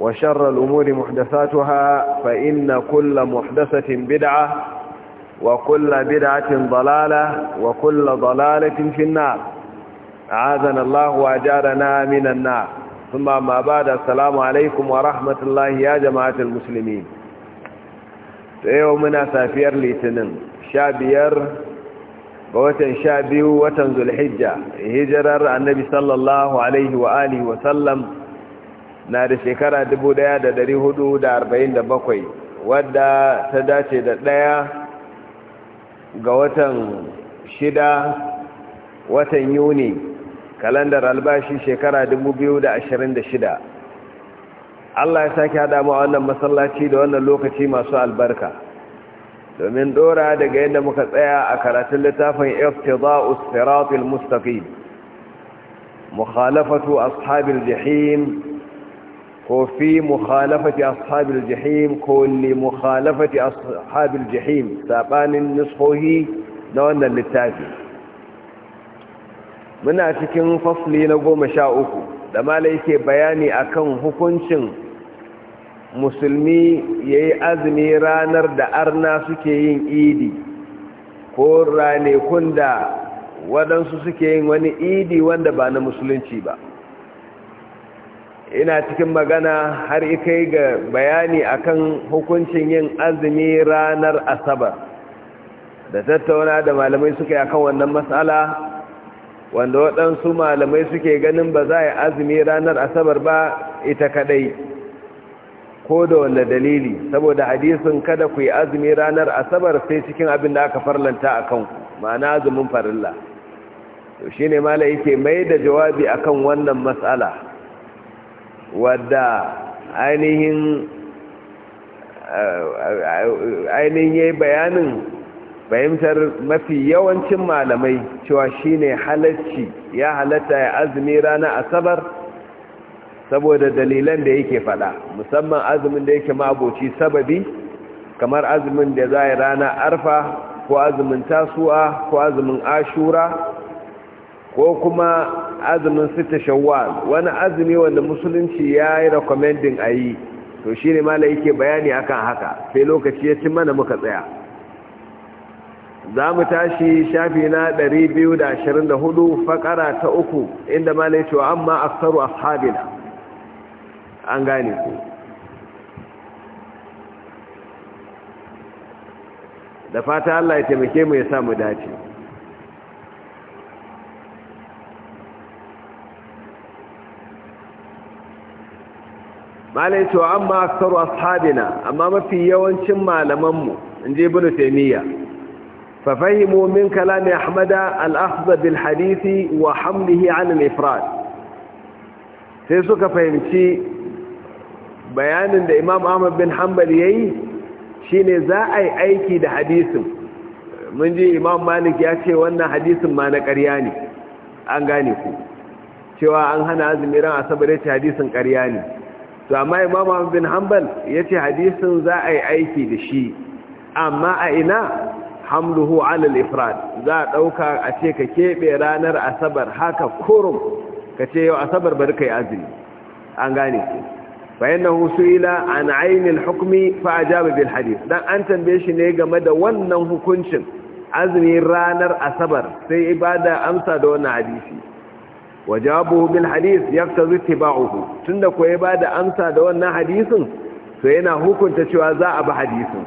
وشر الأمور محدثاتها فإن كل محدثة بدعة وكل بدعة ضلالة وكل ضلالة في النار أعاذنا الله وأجارنا من النار ثم ما بعد السلام عليكم ورحمة الله يا جماعة المسلمين يومنا سافير لتنم شابير ووتن شابي وتنزل حجة هجرر النبي صلى الله عليه وآله وسلم na da shekara 1447 wadda ta dace da ɗaya ga watan shida watan yuni kalandar albashi shekara 2026 Allah ya sake haɗa mu a wannan masallaci da wannan lokaci masu albarka domin ɗora daga yadda muka tsaya a karatun littafin iftida'us siratul mustaqim mukhalafatu ashabil jahim ko fi mukhalafati ashabil jahim ko li mukhalafati ashabil jahim sabanin nuskohi na wannan littafi muna cikin fasli na goma sha uku da mala yake bayani akan hukuncin musulmi ya yi azumi ranar da arna suke yin idi ko ranekun da waɗansu suke yin wani idi wanda ba na musulunci ba ina cikin magana har ikai ga bayani akan hukuncin yin azumi ranar asabar da tattauna da malamai suka yi akan wannan matsala wanda waɗansu malamai suke ganin ba za a yi azumi ranar asabar ba ita kadai ko da wanda dalili saboda hadisin kada ku yi azumi ranar asabar sai cikin abin da aka farlanta a kanku ma'ana azumin farilla to ne mala ke mai da jawabi akan wannan matsala wadda ainihin ainihin ya yi bayanin fahimtar mafi yawancin malamai cewa shine halarci ya halatta ya azumi ranar asabar saboda dalilan da yake fada musamman azumin da yake maboci sababi kamar azumin da za a yi rana arfa ko azumin Tasuwa, ko azumin ashura ko kuma azumin sita shawwal wani azumi wanda musulunci ya yi rekomendin a yi to shi ne mala yake bayani akan haka sai lokaci ya ci mana muka tsaya za mu tashi shafi na 224 fakara ta uku inda mala yake wa amma aksaru ashabina an gane ku da fata Allah ya taimake mu ya samu dace malai cewa amma saru ashabina amma mafi yawancin malamanmu in je ibn taymiya fa fahimu min kalami ahmada al-akhdh bil hadisi wa hamlihi ala al-ifrad sai suka fahimci bayanin da imam ahmad bin hanbal yayi shine za a yi aiki da hadisin mun ji imam malik ya ce wannan hadisin ma na ƙarya ne an gane ku cewa an hana azumi ran asabar ya ce hadisin ƙarya ne Zamai amma imam bin hanbal ce hadisin za a yi aiki da shi amma a ina hamluhu ala ifrad za a dauka a ce ka keɓe ranar asabar haka kurum ka ce yau asabar bari kai azumi an gane ki fa innahu su'ila an al-hukmi fa ajaba bil dan an tambaye shi ne game da wannan hukuncin azumi ranar asabar sai ibada amsa da wannan hadisi wajabu bil hadith yaktazu tibahu tunda ko ya bada amsa da wannan hadisin to yana hukunta cewa za a bi hadisin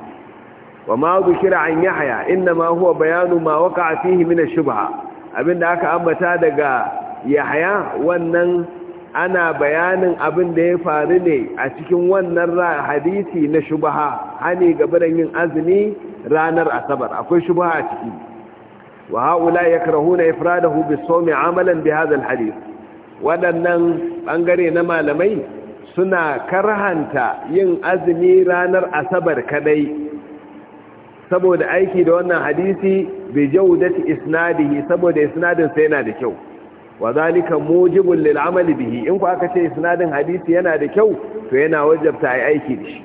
wa ma dhukira an yahya inna ma huwa bayanu ma waqa'a fihi min ash-shubha abinda aka ambata daga yahya wannan ana bayanin abin da ya faru ne a cikin wannan hadisi na shubha hani gabaran yin azumi ranar asabar akwai shubha a ciki wa haula yakrahuna ifradahu bisawmi amalan bi hadha alhadith waɗannan ɓangare na malamai suna karhanta yin azumi ranar asabar kadai saboda aiki da wannan hadisi bi jawdati isnadihi saboda isnadin sa yana da kyau wa zalika mujibul lil amali dihi, in ku aka ce isnadin hadisi yana da kyau to yana wajabta ai aiki da shi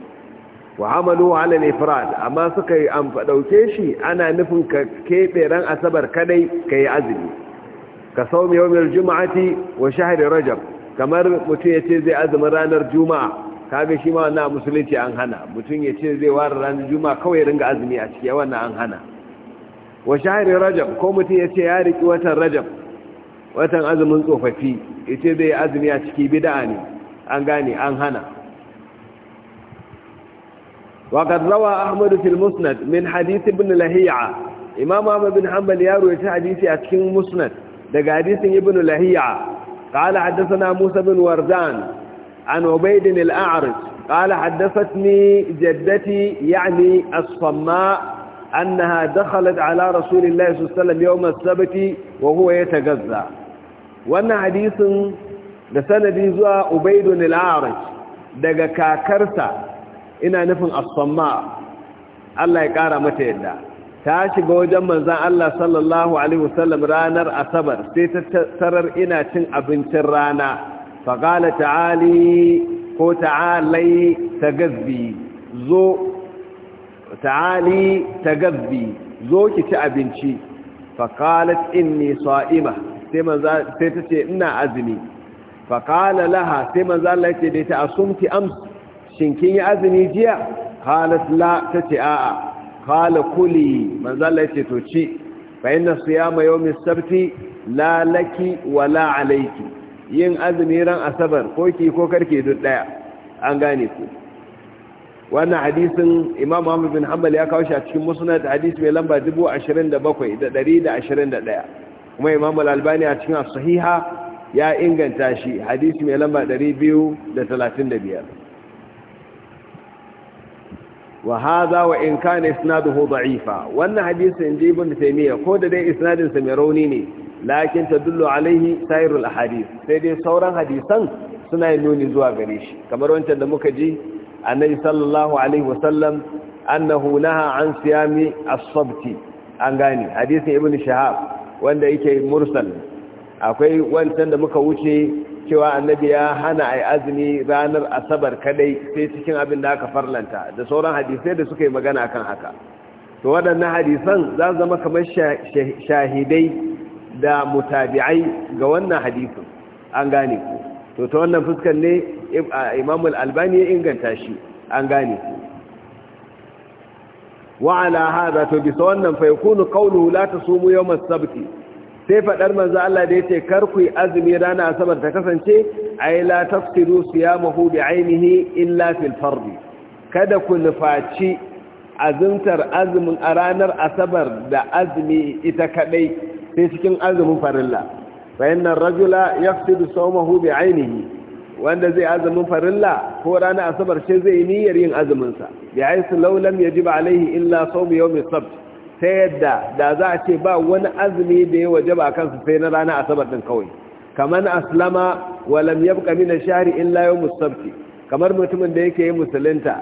wa amalu ala al-ifrad amma suka yi an dauke shi ana nufin ka kebe ran asabar kadai kai azumi ka saumi yawmil juma'ati wa shahr rajab kamar mutum yace zai azumin ranar juma'a kaga shi ma wannan musulunci an hana mutum yace zai ware ranar juma'a kawai ringa azumi a cikin wannan an hana wa shahr rajab ko mutum yace ya riki watan rajab watan azumin tsofaffi yace zai azumi a ciki bid'a ne an gane an hana وقد روى أحمد في المسند من حديث ابن لهيعة إمام أحمد بن حنبل يروي حديث أتكين مسند دقى حديث ابن لهيعة قال حدثنا موسى بن وردان عن عبيد الأعرج قال حدثتني جدتي يعني الصماء أنها دخلت على رسول الله صلى الله عليه وسلم يوم السبت وهو يتغذى وأن حديث لسند زوى عبيد الأعرج دقى كاكرته ina nufin as-samma Allah ya kara mata yadda ta shiga wajen manzan Allah sallallahu alaihi wasallam ranar asabar sai ta tarar ina cin abincin rana fa qala ta'ali ko ta'alai tagazbi zo ta'ali tagazbi zo ki ci abinci fa inni sa'ima sai ta ce ina azumi fa laha sai manzan Allah yace dai ta asumti amsi shin kin yi azumi jiya qalat la tace a'a kala kuli manzo Allah yace to ci fa inna siyama yawmi sabti la laki wa yin azumi ran asabar ko ki ko karke duk daya an gane ku wannan hadisin imam ahmad bin hanbal ya kawo shi a cikin musnad hadisi mai lamba 27121 kuma imam al-albani a cikin sahiha ya inganta shi hadisi mai lamba 235 wa hadha wa in kana isnaduhu da'ifa wannan hadisin ji ibn taymiya ko da dai isnadin sa mai rauni ne lakin tadullu alaihi sairul ahadith sai dai sauran hadisan suna nuni zuwa gare shi kamar wancan da muka ji annabi sallallahu alaihi wasallam annahu naha an siyami as-sabti an gane hadisin ibn shahab wanda yake mursal akwai wancan da muka wuce cewa annabi ya hana ai azumi ranar asabar kadai sai cikin abin da aka farlanta da sauran hadisai da suka yi magana kan haka to waɗannan hadisan za su zama kamar shahidai da mutabi'ai ga wannan hadisin an gane ku to ta wannan fuskar ne imamul albani ya inganta shi an gane ku wa'ala hada to bisa wannan fa yakunu qawluhu la tasumu yawm as-sabti sai faɗar manzo Allah da yace kar ku yi azumi rana asabar ta kasance ai la tafkiru siyamahu bi ainihi illa fil fard kada ku nufaci azumtar azumin a ranar asabar da azumi ita kadai sai cikin azumin farilla fa inna rajula yafsidu sawmahu bi ainihi wanda zai azumin farilla ko ranar asabar ce zai niyyar yin azumin sa bi aisu law lam yajib alaihi illa sawm yawm sabt ta yadda da za a ce ba wani azumi da ya waje ba kansu sai na rana asabar din kawai kamar aslama wa lam yabqa min ash-shahri illa yawm as-sabt kamar mutumin da yake yin musulunta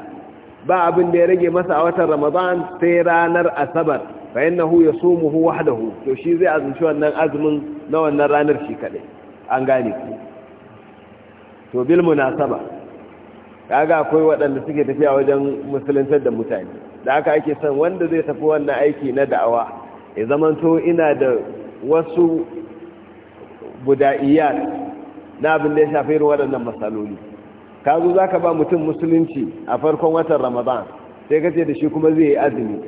ba abin da ya rage masa a watan Ramadan sai ranar asabar fa innahu yasumuhu wahdahu to shi zai azumci wannan azumin na wannan ranar shi kadai an gane ku to bil munasaba kaga akwai waɗanda suke tafiya wajen musuluntar da mutane da aka ake san wanda zai tafi wannan aiki na da'awa ya zamanto ina da wasu buda'iyar na abin da ya shafi irin waɗannan matsaloli ka zo za ka ba mutum musulunci a farkon watan ramadan sai ka ce da shi kuma zai yi azumi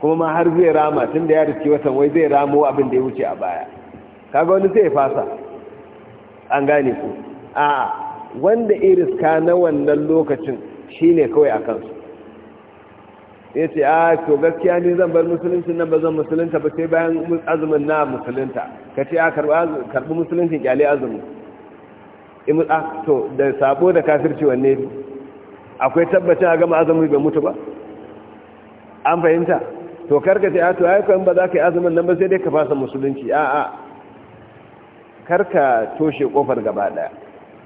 kuma ma har zai rama tun da ya riske watan wai zai ramo abin da ya wuce a baya kaga wani sai ya fasa an gane ku a wanda iriska ka na wannan lokacin shine kawai a kansu ya ce a ah, to gaskiya ne zan bar musulunci nan ba zan musulunta ba sai bayan azumin na musulunta ka ce a ah, karɓi musulunci kyale azumi a ah, to da sabo da kafirci wanne akwai tabbacin a gama azumi bai mutu ba an fahimta to karka ce a to ai kan ba za ka yi azumin nan ba sai dai ka fasa musulunci a a karka toshe kofar gaba ɗaya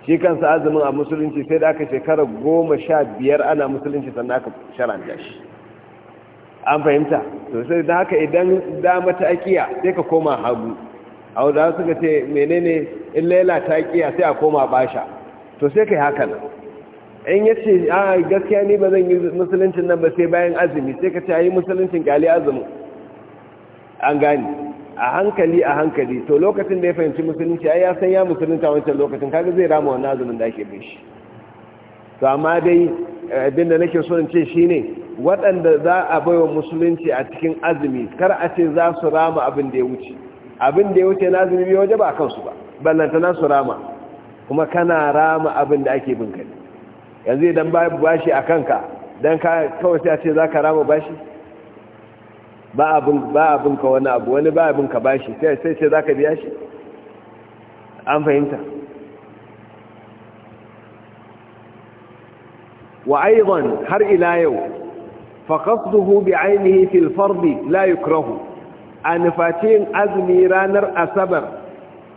shi kansa azumin a musulunci sai da aka shekara goma sha biyar ana musulunci sannan aka sharanta shi an fahimta to sai da haka idan dama ta akiya sai ka koma hagu a wadda suka ce menene in laila ta akiya sai a koma basha to sai ka yi haka nan in ya ce a gaskiya ni ba zan yi musuluncin nan ba sai bayan azumi sai ka ce a yi musuluncin kyali azumin an gani a hankali a hankali to lokacin da ya fahimci musulunci ai ya san ya musulunta wancan lokacin kaga zai rama wannan azumin da ake bin shi to amma dai eh, abin da nake so in ce shine waɗanda za a baiwa musulunci a cikin azumi kar a ce za su rama abin da ya wuce abin da ya wuce na azumi bai waje ba a kansu ba ballanta na su rama kuma kana rama abin da ake bin kai yanzu idan bashi a kanka don kawai sai a ce za ka rama bashi ba abin ka wani abu wani ba abin ka bashi sai ce za ka biya shi an fahimta wa aizon har ila yau فقصده بعينه في الفرض لا يكره أن فاتين أزمي رانر أسبر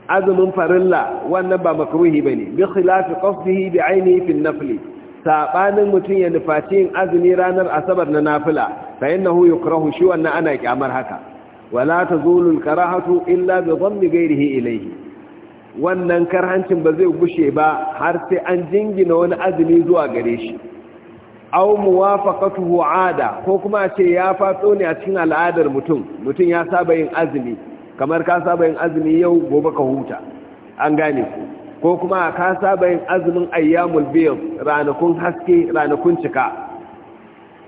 أزم فرلا وأنبا مكروه بني بخلاف قصده بعينه في النفل sabanin mutum ya nufaci yin azumi ranar asabar na nafila fa innahu yukrahu shi wannan ana kyamar haka wala tazulu alkarahatu illa bi dhammi ghayrihi wannan wannan karhancin ba zai gushe ba har sai an jingina wani azumi zuwa gare shi aw muwafaqatuhu ada ko kuma ce ya faso ne a cikin al'adar mutum mutum ya saba yin azumi kamar ka saba yin azumi yau gobe ka huta an gane ku ko kuma ka saba yin azumin ayyamul bayd ranakun haske ranakun cika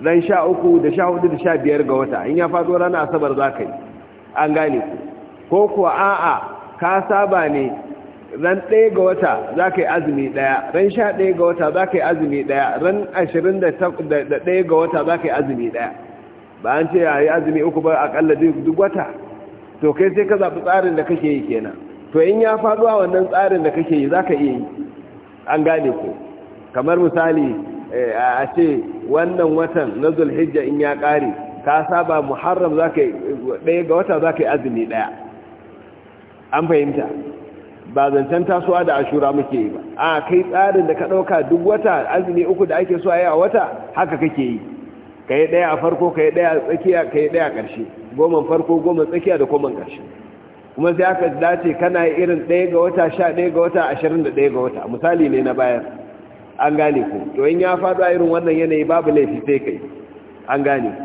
ran 13 da 14 da 15 ga wata in ya faso rana asabar zakai an gane ku ko kuwa a'a ka saba ne ran ɗaya ga wata za ka yi azumi ɗaya ran sha ɗaya ga wata za ka yi azumi ɗaya ran ashirin da ɗaya ga wata za ka yi azumi ɗaya ba an ce a yi azumi uku ba aƙalla duk wata to kai sai ka zaɓi tsarin da kake yi kenan to in ya faɗo a wannan tsarin da kake yi za ka iya yi an gane ku. kamar misali eh, a ce wannan watan na zulhijja in ya ƙare ka saba muharram za ka yi ɗaya ga wata za ka yi azumi ɗaya an fahimta ba zancen tasowa da ashura muke yi ba a kai tsarin da ka ɗauka duk wata azumi uku da ake so a yi a wata haka kake yi ka yi ɗaya a farko ka yi ɗaya a tsakiya ka yi ɗaya a ƙarshe goman farko goman tsakiya da goman ƙarshe kuma sai aka dace kana irin ɗaya ga wata sha ɗaya ga wata ashirin da ɗaya ga wata misali ne na bayan an gane ku to in ya faɗo a irin wannan yanayi babu laifi sai kai an gane ku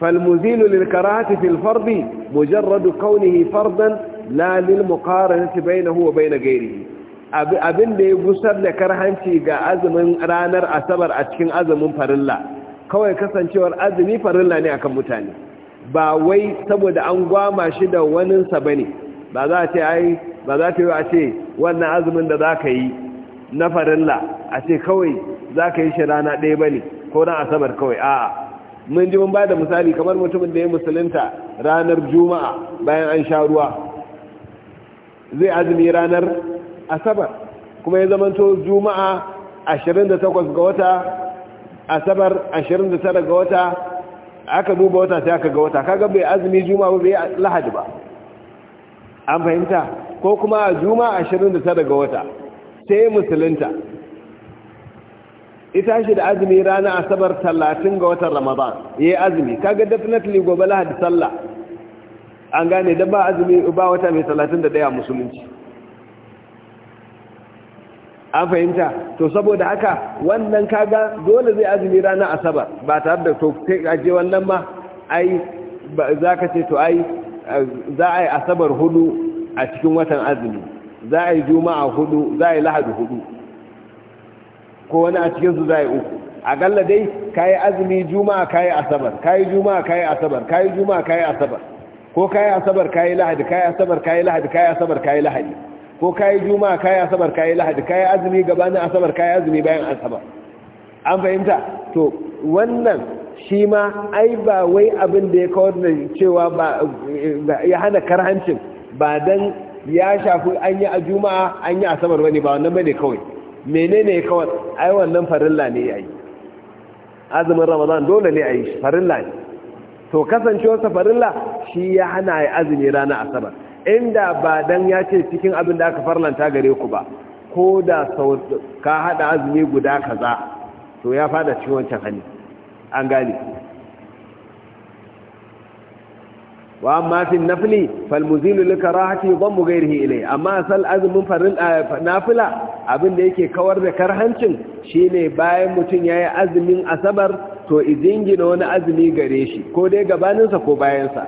فالمزيل للكراهة في الفرض مجرد كونه فرضا la lil muqaranati bainahu wa bain gairi. abin da ya gusar da karhanci ga azumin ranar asabar a cikin azumin farilla kawai kasancewar azumi farilla ne akan mutane ba wai saboda an gwama shi da waninsa ba ne ba za a ce ba za ta yi a ce wannan azumin da za ka yi na farilla a ce kawai za ka yi shi rana ɗaya ba ne ko ran asabar kawai a'a mun ji mun bada misali kamar mutumin da ya musulunta ranar juma'a bayan an sha ruwa zai azumi ranar asabar kuma ya zamanto juma'a 28 ga wata asabar 29 ga wata aka duba wata sai aka ga wata kaga bai azumi juma'a ba bai lahadi ba an fahimta ko kuma juma'a 29 ga wata sai musulunta ita shi da azumi ranar asabar 30 ga watan ramadan yayi azumi kaga definitely gobe lahadi sallah an gane da ba azumi ba wata mai daya musulunci an fahimta to saboda haka wannan kaga dole zai azumi ranar asabar ba tare da to aje wannan ma ai za ka ce to ai za a yi asabar hudu a cikin watan azumi za a yi juma'a hudu za a yi lahadu hudu ko wani a cikinsu za a yi uku galla dai ka yi azumi juma'a ka yi asabar ka yi juma'a ka yi asabar ka yi juma'a ka yi asabar ko kayi asabar kayi lahadi kayi asabar kayi lahadi kayi asabar kayi lahadi ko kayi juma kayi asabar kayi lahadi kayi azumi gabanin asabar kayi azumi bayan asabar an fahimta to wannan shi ma ai ba wai abin da ya kawar da cewa ya hana karhancin ba dan ya shafi an yi a juma'a an yi asabar wani ba wannan bane kawai menene ya kawar ai wannan farilla ne yi azumin ramadan dole ne a yi farilla ne to kasancewarsa farilla shi ya hana ya azumi rana asabar inda ba dan ya ce cikin abin da aka farlanta gare ku ba ko da ka hada azumi guda kaza to ya fada cikin wancan hali an gane wa amma fi nafli fal muzilu li karahati dhammu ghayrihi ilay amma sal azmin farin eh, nafila abin da yake kawar da karhancin shine bayan mutun yayi azumin asabar to ijingina wani azumi gare shi ko dai gabaninsa ko bayansa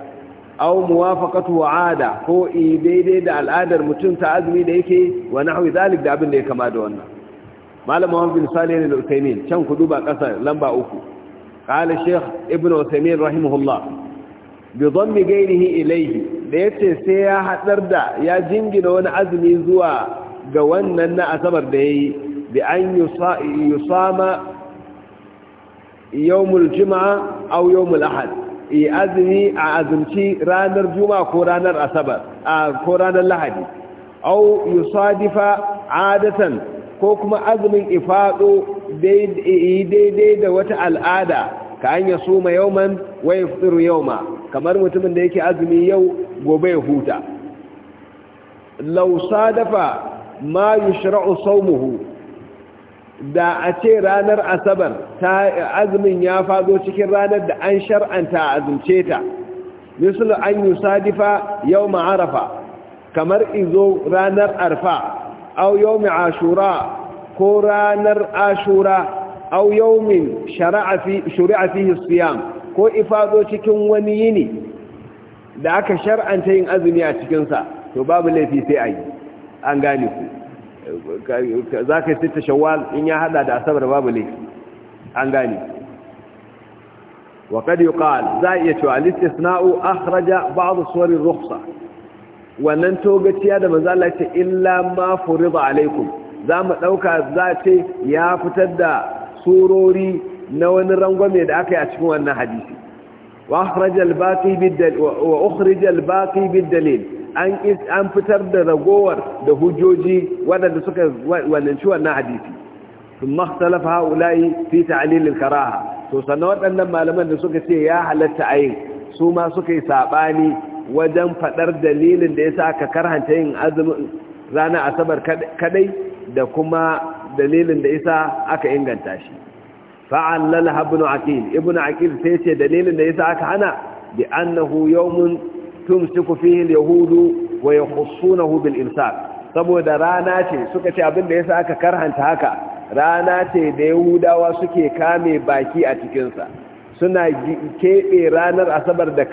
aw muwafaqatu ada ko i daidai da al'adar mutum ta azumi da yake wa nahwi zalik da abin da ya kama da wannan malam Muhammad bin Salih al-Uthaymeen can ku duba kasa lamba uku qala shaykh ibn Uthaymeen rahimahullah bi dhammi gairihi ilayhi da yace sai ya hadar da ya jingina wani azumi zuwa ga wannan na asabar da yayi bi an yusama yawmul juma'a aw yawmul ahad azumi a azumci ranar juma'a ko ranar asabar ko ranar lahadi aw yusadifa adatan ko kuma azumin ifado daidai da wata al'ada ka an ya suma yauman wa yaftiru yauma kamar mutumin da yake azumi yau gobe ya huta law sadafa ma yushra'u sawmuhu da a ce ranar asabar ta azumin ya fado cikin ranar da an shar'anta a azumce ta misal an yi sadifa yau ma'arafa kamar izo ranar arfa au yau ashura ko ranar ashura au yau min shari'a fi siyam ko ifado cikin wani yini da aka shar'anta yin azumi a cikinsa to babu laifi sai a yi an gane ku za ka yi sita shawwal in ya hada da asabar babu ne an gani wa kad yuqal za iya cewa al-istisna'u akhraja ba'd suwar ar-rukhsa wannan togaciya da manzo Allah ce illa ma furida alaikum za mu dauka za ce ya fitar da surori na wani rangwame da aka yi a cikin wannan hadisi wa akhraj al-baqi an fitar da ragowar da hujjoji waɗanda suka wallanci wannan hadisi sun makhtalafa haula'i fi ta'lilil karaha to sannan waɗannan malaman da suka ce ya halatta ayin su ma suka yi sabani wajen faɗar dalilin da yasa aka karhanta yin azumin ranar asabar kadai da kuma dalilin da yasa aka inganta shi fa'allal habnu aqil ibnu aqil sai ce dalilin da yasa aka hana bi annahu yawmun tumsiku fihi yahudu wa yakhussunahu bil imsak saboda rana ce suka ce abin da yasa aka karhanta haka rana ce da yahudawa suke kame baki a cikin sa suna keɓe ranar asabar da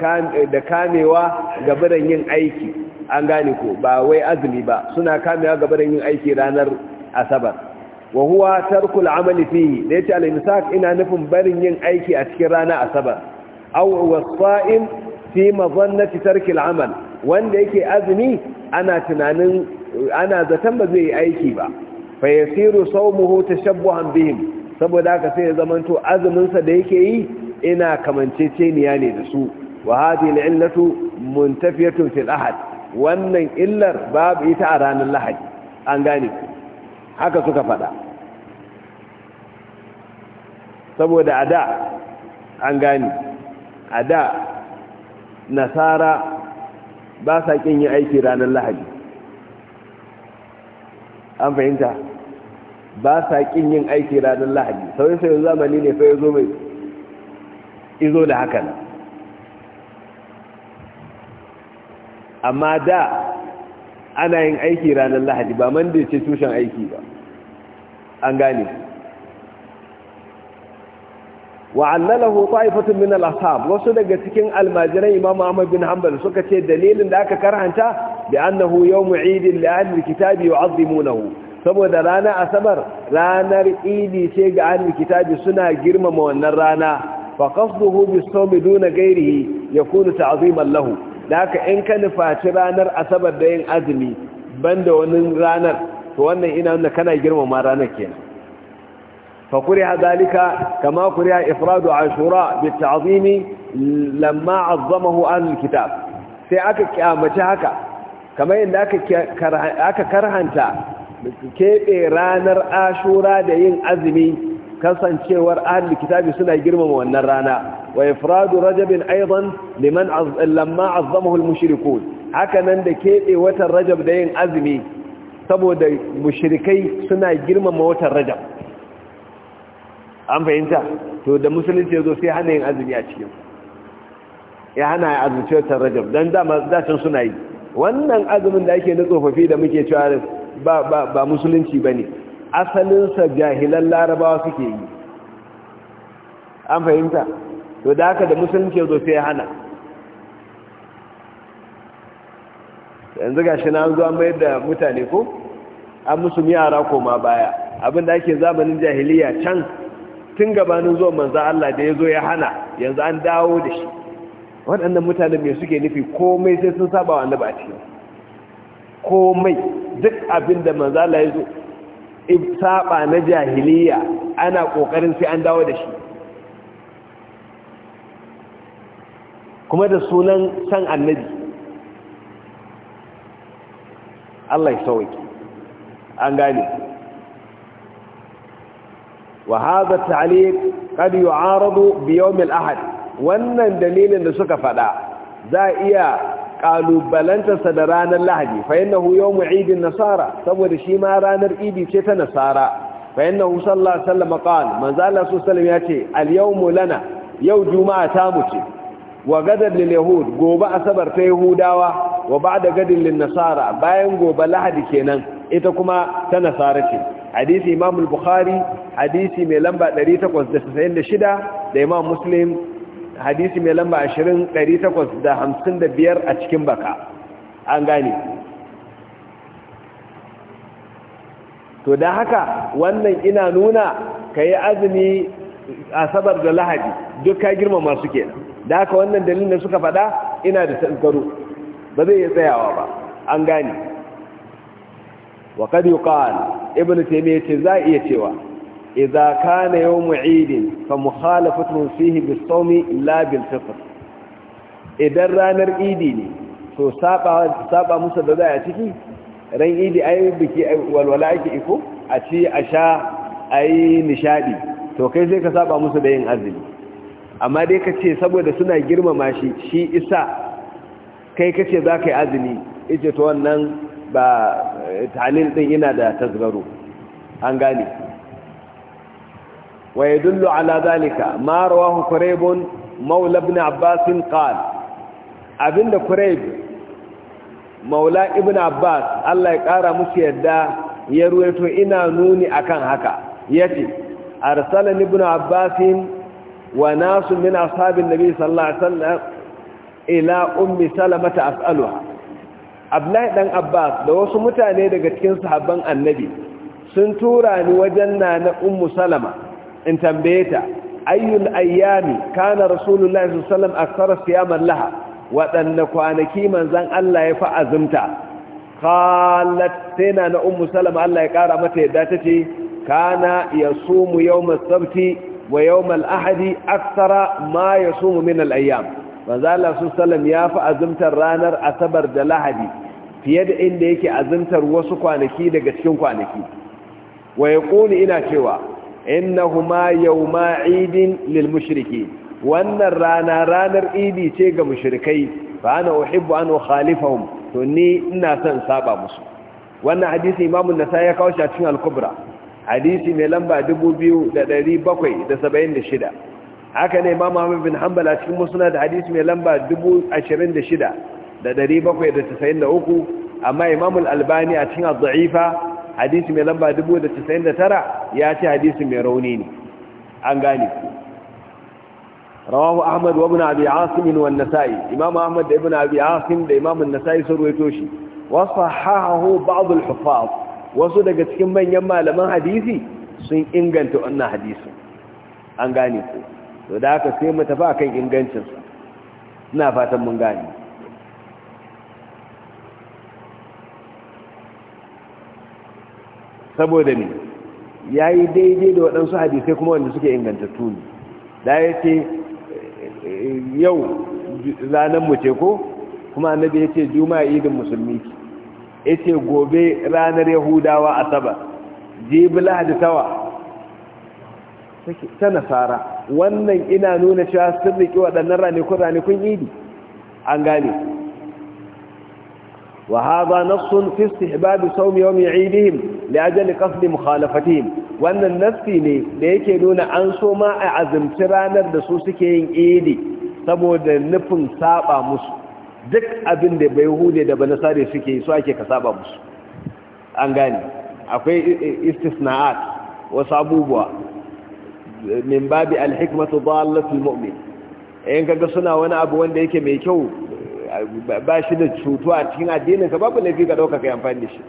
kamewa gabaran yin aiki an gane ko ba wai azumi ba suna kamewa gabaran yin aiki ranar asabar wa huwa tarkul amali fihi da yace al-imsak ina nufin barin yin aiki a cikin rana asabar aw wasa'im fi mazannati tarkil amal wanda yake azumi ana tunanin ana zaton ba zai yi aiki ba fa yasiru sawmuhu tashabbuhan bihim saboda haka sai ya zamanto azumin sa da yake yi ina kamanceceniya ne da su wa hadhihi al muntafiyatun fil ahad wannan illar babu ita a ranar lahadi an gane haka suka fada saboda a an gane a nasara ba sa kin yi aiki ranar lahadi an fahimta ba sa kin yin aiki ranar lahadi sauyin sayin zamani ne sai ya zo mai izo da haka amma da ana yin aiki ranar lahadi ba man da ce tushen aiki ba an gane wa'allalahu ta'ifatun min al-ashab wasu daga cikin almajiran Imam Ahmad bin Hanbal suka ce dalilin da aka karanta bi annahu yawm 'id li ahli al-kitabi yu'azzimunahu saboda ranar asabar ranar idi ce ga ahli kitabi suna girmama wannan rana fa qasduhu bi sawmi duna ghairihi yakunu ta'ziman lahu da haka in ka nufaci ranar asabar da yin azumi banda wani ranar to wannan ina nuna kana girmama ranar kenan فقرئ ذلك كما قرئ إفراد عاشوراء بالتعظيم لما عظمه أهل الكتاب سيأك yadda aka karhanta keɓe ranar Ashura da yin أزمي kasancewar ahli kitabi suna girmama wannan rana wa ifradu rajabin aidan liman lamma azzamahu almushrikun haka nan da keɓe watan rajab da yin azumi saboda mushrikai suna girmama watan rajab an fahimta to da musulunci ya zo sai hana yin azumi a cikin ya hana ya azumci ta rajab don dacin suna yi wannan azumin da ake na tsofaffi da muke cewa ba musulunci ba ne asalinsa jahilan larabawa suke yi an fahimta to da haka da musulunci ya zo sai ya hana yanzu ga shi na an zo an bayar da mutane ko an musu yara koma baya abinda ake zamanin jahiliya can tun gabanin zuwa manzan Allah da ya zo ya hana yanzu an dawo da shi waɗannan mutane mai suke nufi komai sai sun saba wa annaba a cikin komai duk abin da manzan Allah ya zo saba na jahiliya ana ƙoƙarin sai an dawo da shi kuma da sunan san annabi Allah ya sauwaki an gane wa hadha ta'liq qad yu'aradu bi yawm ahad wannan dalilin da suka fada za iya sa da ranar lahadi fa innahu yawm eid nasara saboda shi ma ranar idi ce ta nasara fa innahu sallallahu alaihi wasallam qala manzo Allah sallallahu alaihi yace al-yawm lana yau juma'a ta muce wa gadar lil yahud gobe asabar ta yahudawa wa ba'da gadin lin nasara bayan gobe lahadi kenan ita kuma ta nasara ce hadisi imam al-bukhari hadisi mai lamba 1896 da imam muslim hadisi mai lamba 20855 a cikin baka an gane to da haka wannan ina nuna ka yi azumi asabar da lahadi duk ka girmama su kenan da haka wannan dalilin da suka faɗa ina da tsaro ba zai iya tsayawa ba an gane wa kad yuqal ibnu taymiyyah ce za iya cewa idza kana yawm eid fa mukhalafatu fihi bis sawm la bil-fitr idan ranar idi ne to saba saba musa da za a ciki ran idi ai biki walwala ake iko a ci a sha ai nishadi to kai sai ka saba musu da yin azumi amma dai ka ce saboda suna girmama shi shi isa kai ka ce za ka yi azumi ita to wannan ba talil din yana da tasgaro an gane wa yadullu ala zalika ma rawahu quraib Mawla ibn abbas qala abinda quraib maula ibn abbas Allah ya kara musu yadda ya ruwaito ina nuni akan haka yace arsala ibn abbas wa nasu min ashabin nabi sallallahu alaihi wasallam ila ummi salamata as'aluha abdullahi dan abbas da wasu mutane daga cikin sahabban annabi sun tura ni wajen nana ummu salama in tambaye ta ayyul ayyami kana rasulullahi sallallahu alaihi wasallam akthara siyaman laha wadanna kwanaki manzan Allah ya fa azumta qalat tana na ummu salama Allah ya kara mata yadda tace kana yasumu yawm as-sabti wa yawm al-ahadi Aksara ma yasumu min al-ayyam manzo su sallam ya fi azumtar ranar asabar da lahadi fiye da inda yake azumtar wasu kwanaki daga cikin kwanaki wa ƙuni ina cewa yau ma idin lil mushriki wannan rana ranar idi ce ga mushirikai fa ana uhibbu an ukhalifahum to ni ina son saba musu wannan hadisi imamu Nasa ya kawo shi a cikin alkubra hadisi mai lamba 2776 haka ne imam Ahmad bin Hanbal a cikin musnad da hadisi mai lamba 26793 amma Imam Al-Albani a cikin Ad-Da'ifa hadisi mai lamba 1099 ya ce hadisi mai rauni ne an gane rawahu Ahmad wa Ibn Abi Asim wa An-Nasa'i Imam Ahmad da Ibn Abi Asim da Imam An-Nasa'i sun ruwaito shi Wasu sahahahu ba'd al-huffaz wasu daga cikin manyan malaman hadisi sun inganta wannan hadisi an gane ku to da haka sai mu tafi akan ingancinsa ina fatan mun gane saboda ne ya yi daidai da waɗansu hadisai kuma wanda suke ingantattu ne da ya ce yau mu ce ko kuma annabi ya ce juma'a idin musulmi ya gobe ranar yahudawa asaba jibi lahadi tawa ta nasara wannan ina nuna cewa sun riƙi waɗannan ranakun ranakun idi an gane wa haza nassun fi istihbab sawm yawm eidihim li ajli qasd mukhalafatihim wannan nassi ne da yake nuna an so ma a azumci ranar da su suke yin idi saboda nufin saba musu duk abin da bai hude da banasare suke yi so ake ka saba musu an gane akwai istisna'at wasu abubuwa min babi alhikmatu dalatul mu'min in kaga suna wani abu wanda yake mai kyau ba shi da cutuwa cikin addinin ka babu laifi ka dauka kai amfani da shi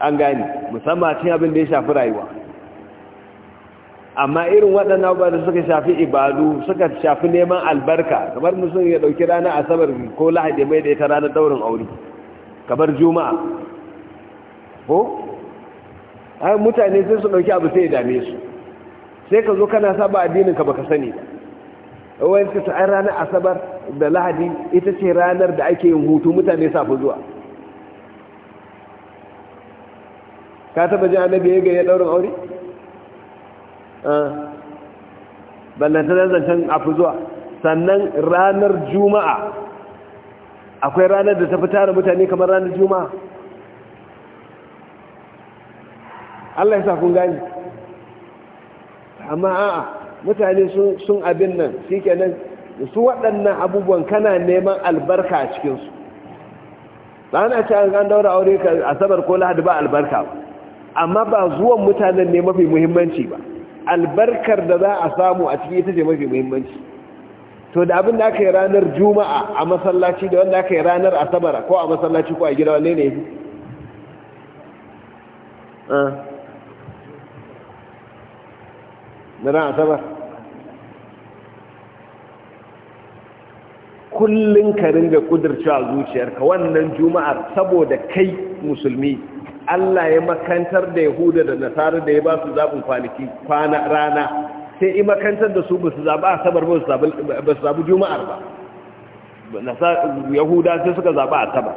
an gani musamman cikin abin da ya shafi rayuwa amma irin waɗannan abubuwa da suka shafi ibadu suka shafi neman albarka kamar musulun ya ɗauki ranar asabar ko lahadi mai da ita ranar daurin aure kamar juma'a ko ai mutane sai su ɗauki abu sai ya dame su sai ka zo kana saba addinin ka baka sani ba wani ta ai ranar asabar da lahadi ita ce ranar da ake yin hutu mutane safi zuwa ka taba ji annabi ya gaya daurin aure ah. ballantana zancen afi zuwa sannan ranar juma'a akwai ranar da ta fi tara mutane kamar ranar juma'a Allah ya sa kun gani amma a'a mutane sun abin nan shi kenan su waɗannan abubuwan kana neman albarka a cikinsu ba ana ce an daura aure ka asabar ko lahadi ba albarka ba. amma ba zuwan mutanen ne mafi muhimmanci ba albarkar da za a samu a ciki ita ce mafi muhimmanci to da abin da aka yi ranar juma'a a masallaci da wanda aka yi ranar asabar ko a masallaci ko a gida wane ne ah. da ran asabar kullum ka ringa kudurcewa zuciyarka wannan juma'ar saboda kai musulmi Allah ya makantar da Yahuda da Nasara da ya ba su zaɓin kwanaki kwana rana sai i makantar da su ba su zaɓi asabar ba su zaɓi juma'ar ba Yahuda sai suka zaɓi asabar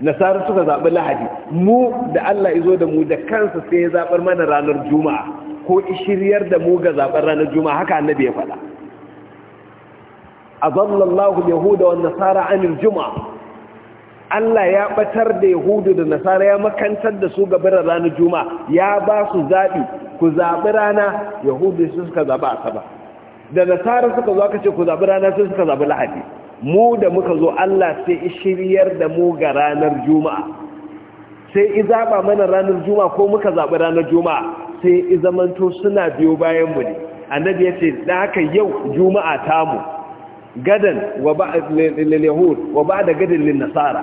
Nasara suka zaɓi lahadi mu da Allah izo da mu da kansa sai ya zaɓar mana ranar juma'a ko ishiriyar da mu ga zaɓen ranar juma'a haka annabi ya faɗa azallallahu yahuda wan nasara amin juma'a Allah ya batar da yahudu da nasara ya makantar da su gabar ranar juma'a ya ba su zaɓi ku zaɓi rana yahudu su suka zaɓi asaba da nasara suka zo aka ce ku zaɓi rana su suka zaɓi lahadi mu da muka zo Allah sai ishiriyar da mu ga ranar juma'a sai i zaɓa mana ranar juma'a ko muka zaɓi ranar juma'a sai izamanto suna biyo bayan mu ne annabi ya ce da haka yau juma'a tamu gadan wa yahud wa bada gadan lin nasara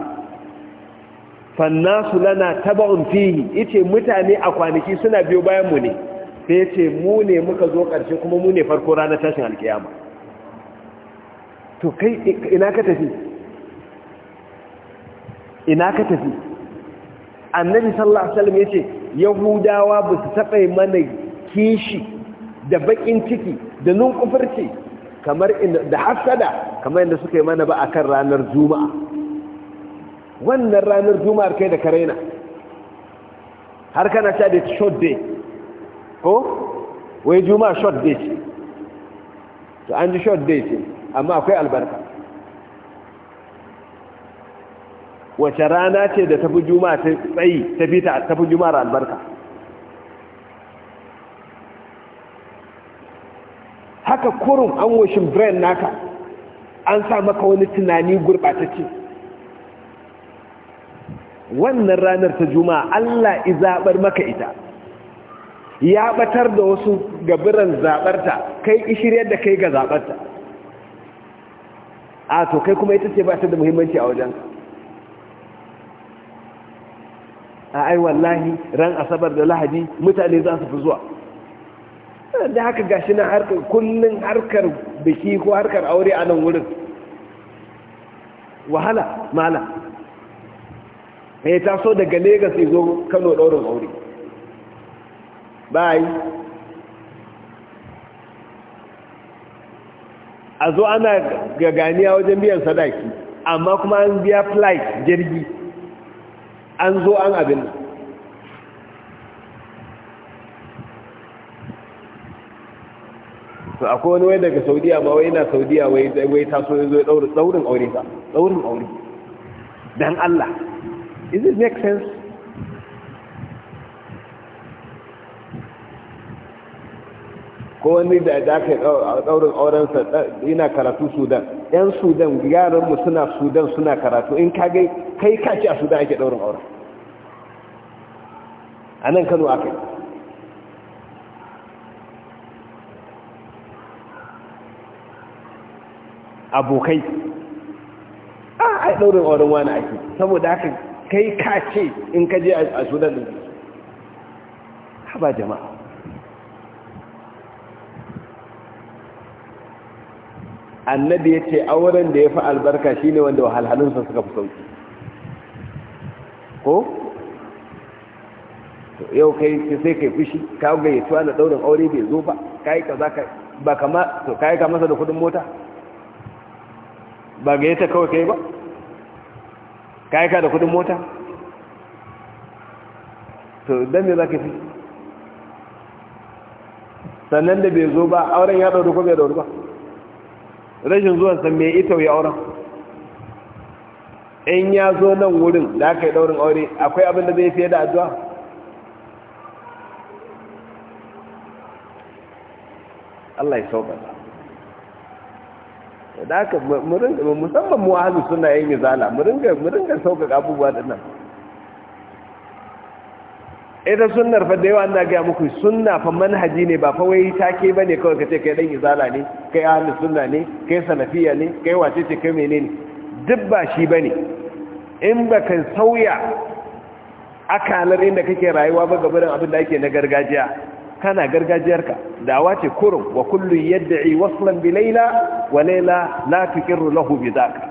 fannasu lana taba'un fihi yace mutane a kwanaki suna biyo bayan mu ne sai yace mu ne muka zo karshe kuma mu ne farko ranar tashin alkiyama to kai ina ka tafi ina ka tafi annabi sallallahu alaihi wasallam yace yahudawa ba su taɓa mana kishi da baƙin ciki da kufarci kamar da hasada kamar yadda suka yi mana ba a kan ranar juma'a wannan ranar juma'ar kai da karaina har kana ta da short day ko wai juma'a short day ce to an ji short day ce amma akwai albarka wace rana ce da tafi juma'a ta tsayi tafi ta tafi juma'ar albarka haka kurum an washin brain naka an sa maka wani tunani gurbatacce wannan ranar ta juma'a Allah izabar maka ita ya batar da wasu gabiran zabarta kai ishiriyar da kai ga zabarta a to kai kuma ita ce ba ta da muhimmanci a wajenka ai wallahi ran asabar da lahadi mutane za su fi zuwa da haka gashi na harkar kullun harkar biki ko harkar aure a nan wurin wahala mala ya taso daga Legas ya zo Kano daurin aure bai a zo ana gaganiya wajen biyan sadaki amma kuma an biya flight jirgi an zo an abin to akwai wani wai daga saudiya ba wai yana saudiya wai taso ya zo ya daurin aure ta daurin aure don allah is it make sense ko wani da da aka daurin aurensa yana karatu sudan yan sudan yaranmu suna sudan suna karatu in ka kai kaci a sudan ake daurin auren a nan kano aka yi abokai a ai daurin auren wani ake saboda haka kai ka ce in ka je a sudan din haba jama'a annabi ya ce auren da ya fi albarka shine wanda wahalhalunsa suka fi sauki ko yau kai sai kai fushi ka gayyaci wani daurin aure bai zo ba ka yi ka ba kama to yi ka masa da kudin mota ba ga yata kawai kai ba ka aika da kudin mota to don me za ka fi sannan da bai zo ba auren ya ɗauri ko bai ɗauri ba rashin zuwan san mai ita ya auren in ya zo nan wurin da aka yi ɗaurin aure akwai abin da zai fiye da addu'a Allah ya sauƙa da aka musamman mu ahalu suna yin izala mu ringa sauƙaƙa abubuwa da nan ita sunnar fa da yawa na gaya muku sunna fa manhaji ne ba fa wai take ba ne kawai ka ce kai dan izala ne kai ahalu sunna ne kai salafiya ne kai wace ce kai menene duk ba shi ba in ba ka sauya akalar inda kake rayuwa ba gabarin abin da ake na gargajiya kana gargajiyarka dawa ce kurum wa kullu yad'i waslan bi layla wa layla la tuqirru lahu bi dhaka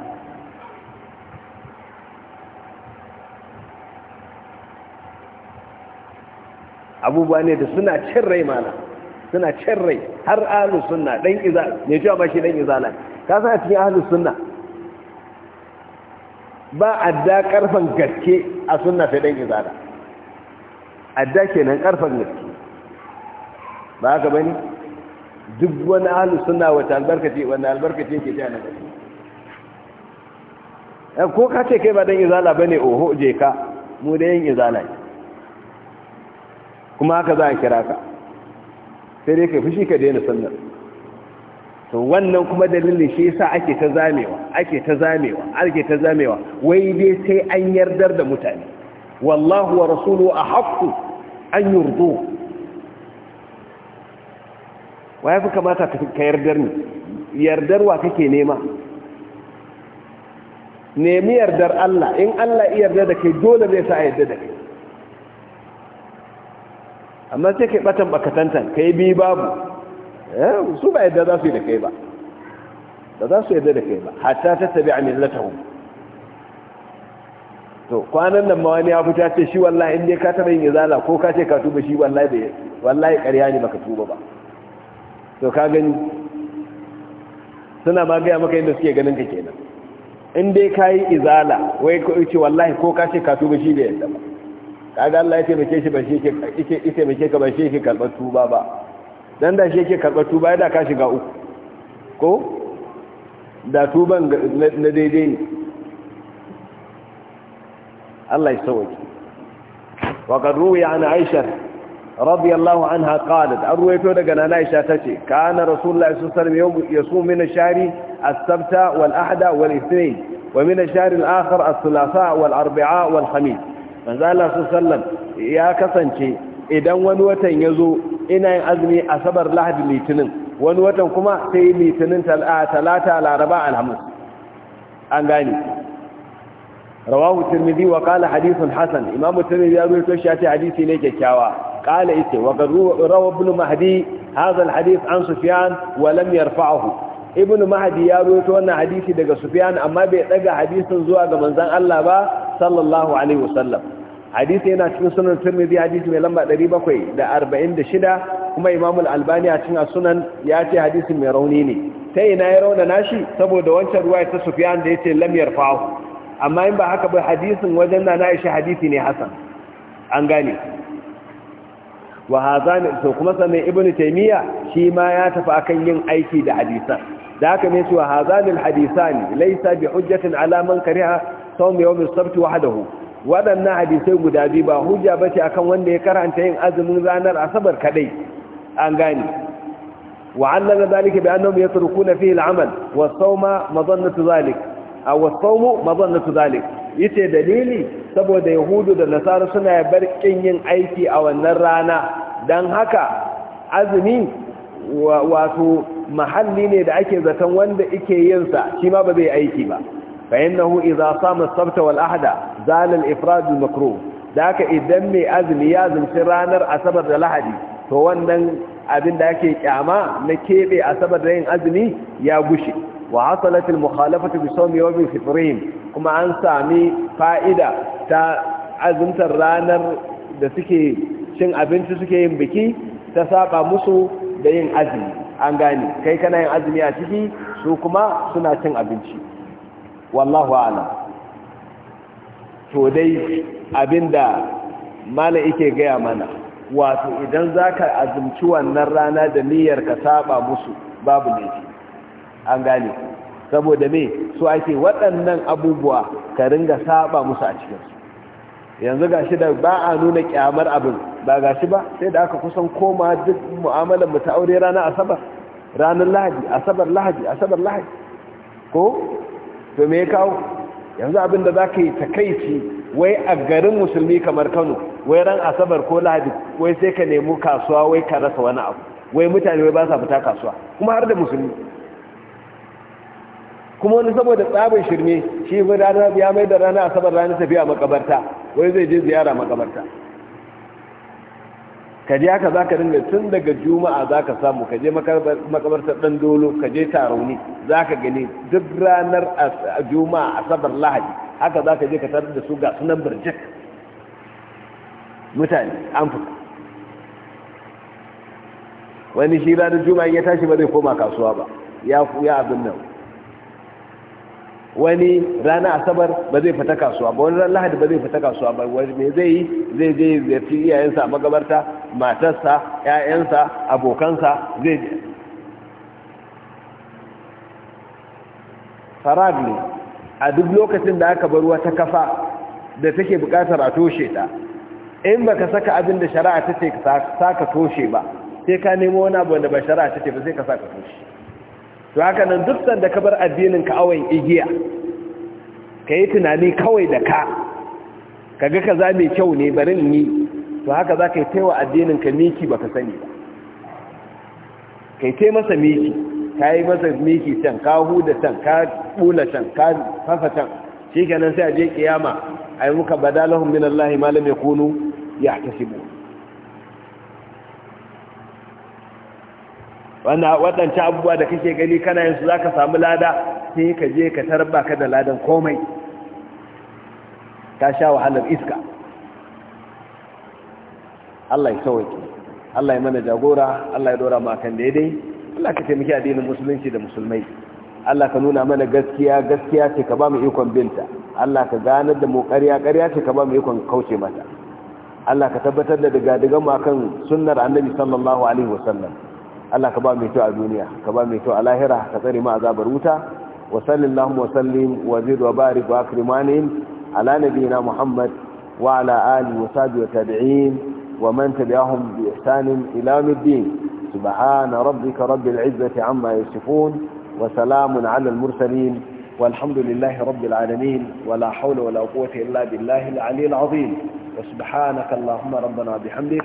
abubuwa ne da suna cin rai mana suna cin rai har ahlus sunna dan iza ne cewa ba shi dan izala ka sa cikin ahlus sunna ba adda karfan gaske a sunna sai dan da adda kenan karfan gaske ba haka bane duk wani ahlu sunna wata albarkace wanda albarkace yake ta nan ba eh, ko ka ce kai ba dan izala bane oho je ka mu da yin izala kuma haka za a kira ka sai dai kai fushi ka daina sunnar to wannan kuma dalilin shi yasa ake ta zamewa ake ta zamewa ake ta zamewa wai dai sai an yardar da mutane wallahu wa rasuluhu ahqqu an yurdu wa ya fi kamata ka yardar ni yardarwa kake nema nemi yardar Allah in Allah iya yarda da kai dole zai sa yarda da kai amma sai kai batan bakatantan kai bi babu eh, su ba yarda za su yi da kai ba da za su yarda da kai ba hatta ta tabi a millatahu to kwanan nan ma wani ya fita ce shi wallahi in ne ka taɓa yin izala ko ka ce ka tuba shi wallahi ƙarya ne baka tuba ba to ka gani suna ma gaya maka yadda suke ganin ka kenan in dai ka yi izala wai ko ce wallahi ko ka ce ka tuba shi bai yadda ba ka ga Allah ya taimake shi ba shi yake ya taimake ka ba shi yake karɓar tuba ba dan da shi yake karɓar tuba ya da ka shiga uku ko da tuban na daidai ne Allah ya sauke qad روي an aisha radiyallahu anha qalat an ruwaito daga nana Aisha tace kana rasulullahi sallallahu alaihi wasallam yasum min ash-shahri as-sabta wal ahada wal ithnain wa min ash-shahr al-akhar as-thulatha wal arba'a wal khamis manzo Allah sallallahu ya kasance idan wani watan zo ina yin azumi asabar lahadi litinin wani watan kuma sai litinin talata laraba alhamis an gane rawahu tirmidhi wa qala hadithun hasan imam ya rawaito shi a hadisi ne kyakkyawa قال إتي وقد روى ابن مهدي هذا الحديث عن سفيان ولم يرفعه ابن مهدي يا رويت وانا حديثي دقى سفيان أما بيتقى حديث زوى منزان الله با صلى الله عليه وسلم hadisi yana cikin sunan tirmidhi hadisi mai lamba shida kuma imamul albani a cikin sunan ya ce hadisi mai rauni ne ta ina ya rauna nashi saboda wancan ruwaya ta sufiyan da yace lam yarfa'u amma in ba haka ba hadisin wajen na Aisha hadisi ne hasan an gane wa hazani kuma sannan ibnu taymiya shi ma ya tafi akan yin aiki da hadisan da haka ne cewa hazani alhadisani laysa bi hujjatin ala man kariha sawm yawm as-sabt wahdahu wadannan hadisai guda biyu ba hujja bace akan wanda ya karanta yin azumin ranar asabar kadai an gane وعلم ذلك بأنهم يتركون فيه العمل والصوم مظنة ذلك أو الصوم مظنة ذلك yace dalili saboda yahudu da nasara suna bar yin aiki a wannan rana dan haka azumi wato mahalli ne da ake zaton wanda yake yin sa shi ma ba zai aiki ba fa innahu idza sama sabta wal ahada zal al-ifrad al-makruh da haka idan mai azumi ya zumci ranar asabar da lahadi to wannan abin da ake kyama na kebe asabar da yin azumi ya gushe wa hasalatil al mukhalafatu bi sawmi yawmi fitrin kuma an sami fa'ida ta azumtar ranar da suke cin abinci suke yin biki ta saba musu da yin azumi an gane kai kana yin azumi a ciki su kuma suna cin abinci wallahu a'lam to dai abinda mala yake gaya mana wato idan zaka azumci wannan rana da niyyar ka saba musu babu laifi an gane saboda me su ake waɗannan abubuwa ka ringa saba musu a cikinsu yanzu ga shi da ba a nuna kyamar abin ba ga shi ba sai da aka kusan koma duk mu'amalar mu ta aure ranar asabar ranar lahadi asabar lahadi asabar lahadi ko to me kawo yanzu abin da za ka yi takaici wai a garin musulmi kamar kano wai ran asabar ko lahadi wai sai ka nemi kasuwa wai ka rasa wani abu wai mutane wai ba sa fita kasuwa kuma har da musulmi kuma wani saboda tsabin shirme shi fi rana ya mai da rana asabar rana tafiya makabarta wani zai je ziyara makabarta ka je haka za ka dinga tun daga juma'a za ka samu ka je makabartar ɗan dolo ka je tarauni za ka gani duk ranar juma'a asabar lahadi haka za ka je ka tarar da su ga sunan birjik mutane an fita wani shi ranar juma'a ya tashi ba zai koma kasuwa ba ya abin nan wani rana asabar ba zai fita kasuwa ba wani ran lahadi ba zai fita kasuwa ba wani me zai yi zai je fi iyayensa a magabarta matarsa ƴaƴansa abokansa zai je farad ne a duk lokacin da aka bar wata kafa da take buƙatar a toshe ta in baka saka abin da shari'a ta ce ka saka toshe ba sai ka nemo wani abu da ba shari'a ta ce ba sai ka saka toshe to haka nan duk sanda ka bar addinin ka awai igiya ka yi tunani kawai da ka kaga kaza mai kyau ne bari in yi to haka za ka yi taiwa addinin ka miki baka sani ba ka yi tai masa miki ka yi masa miki can ka huda can ka bula can ka fasa can shi nan sai a je kiyama a yi muka badalahun minallahi Allah ma lam yakunu yahtasibu wanda waɗancan abubuwa da kake gani kana yin su za ka samu lada sai ka je ka tarba ka da ladan komai ta sha wahalar iska Allah ya sauwaki Allah ya mana jagora Allah ya dora makan daidai Allah ka taimaki addinin musulunci da musulmai Allah ka nuna mana gaskiya gaskiya ce ka ba mu ikon binta Allah ka ganar da mu ƙarya ƙarya ce ka ba mu ikon kauce mata Allah ka tabbatar da daga-daga mu akan sunnar annabi sallallahu alaihi wasallam Allah ka ba mai kyau a duniya ka ba mai kyau a lahira ka tsare ma azabar wuta wa sallallahu wa sallim wa zid wa barik wa akrimanin ala nabiyina muhammad wa ala alihi wa sahbihi wa tabi'in wa man tabi'ahum bi ihsanin ila yawmiddin subhana rabbika rabbil izzati amma yasifun wa salamun ala al mursalin والحمد لله رب العالمين ولا حول ولا قوة إلا بالله العلي العظيم وسبحانك اللهم ربنا بحمدك